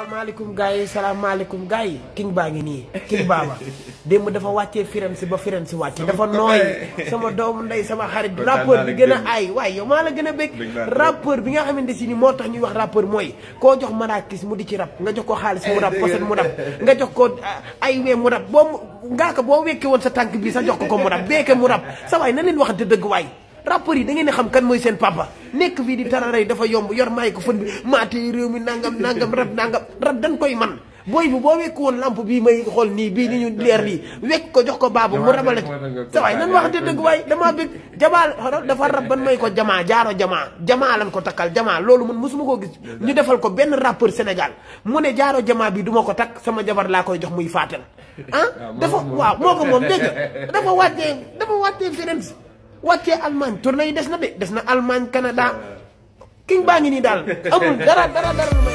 salaamaaleykum gars yi salaamaaleykum gars yi king baa ngi nii king baaba démb dafa wàccee firen si ba firen si wàcce dafa nooy sama doomu ndey sama xarit rappeur bi gën a ay waaye yow maa la gën a bëgg rappeur bi nga xamante si ni moo tax ñuy wax rappeur mooy koo jox marakis mu di ci rab nga jox ko xaalis mu rap eh, poset mu rap nga jox ko ah, ay wee mu rap boo ngaaka boo wekkee woon sa tànk bi sa jox ko ko mu rap beeke mu rab sa waay na leen waxante dëgg waay rappeurs yi da ngeen di xam kan mooy seen papa nekk fii di tararay dafa yomb yor microphone bi maatee réew mi nangam nangam rab nangam rab dan koy man booy bi boo wekk woon lampe bii may xool nii bii ni ñu leer lii wekk ko jox ko baabu mu rabale sa waay nan waxante dëgg waay damaa bëgg jamaa dafa rab ban may ko jamaa jaaro jamaa jamaa lan ko takkal jamaa loolu man mosuma koo gis ñu defal ko benn rappeur Sénégal mu ne jaaro jamaa bi du ko takk sama jabar laa koy jox muy faatal ah, ah dafa waaw moo ko moom dégg dafa wàccee dafa wàccee feneen si wàccee Allemagne tournée yi des na de des na Allemagne Canada king baa ngi nii daal amul dara dara dara.